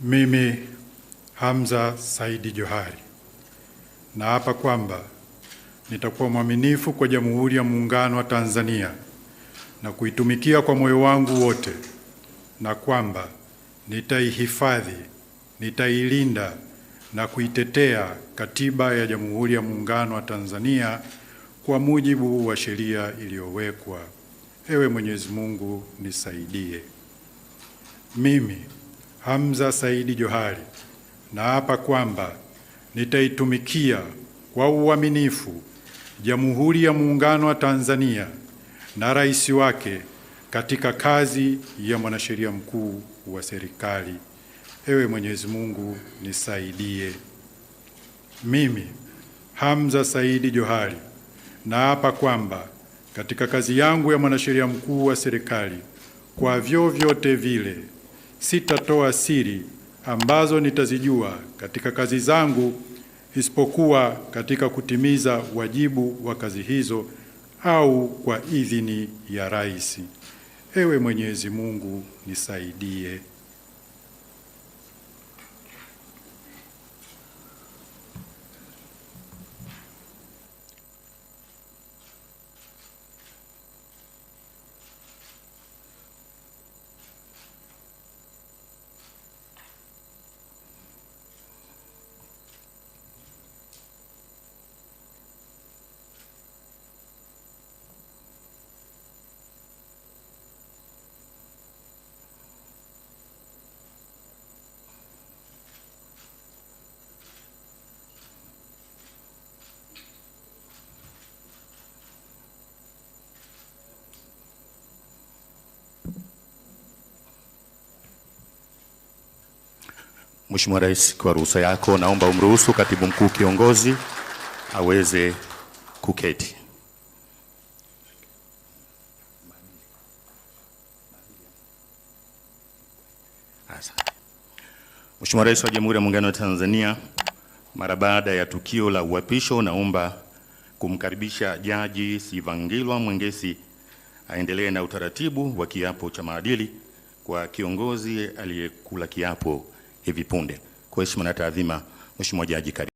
Mimi Hamza Saidi Johari naapa kwamba nitakuwa mwaminifu kwa Jamhuri ya Muungano wa Tanzania na kuitumikia kwa moyo wangu wote, na kwamba nitaihifadhi, nitailinda na kuitetea Katiba ya Jamhuri ya Muungano wa Tanzania kwa mujibu wa sheria iliyowekwa. Ewe Mwenyezi Mungu nisaidie. Mimi Hamza Saidi Johari, naapa kwamba nitaitumikia kwa uaminifu Jamhuri ya Muungano wa Tanzania na rais wake katika kazi ya mwanasheria mkuu wa serikali. Ewe Mwenyezi Mungu nisaidie. Mimi Hamza Saidi Johari naapa kwamba katika kazi yangu ya mwanasheria mkuu wa serikali kwa vyovyote vile sitatoa siri ambazo nitazijua katika kazi zangu isipokuwa katika kutimiza wajibu wa kazi hizo au kwa idhini ya rais. Ewe Mwenyezi Mungu, nisaidie. Mheshimiwa Rais, kwa ruhusa yako naomba umruhusu Katibu Mkuu Kiongozi aweze kuketi. Mheshimiwa Rais wa Jamhuri ya Muungano wa Tanzania, mara baada ya tukio la uapisho, naomba kumkaribisha Jaji Sivangilwa Mwengesi aendelee na utaratibu wa kiapo cha maadili kwa kiongozi aliyekula kiapo hivi punde. Kwa heshima na taadhima, Mheshimiwa Jaji,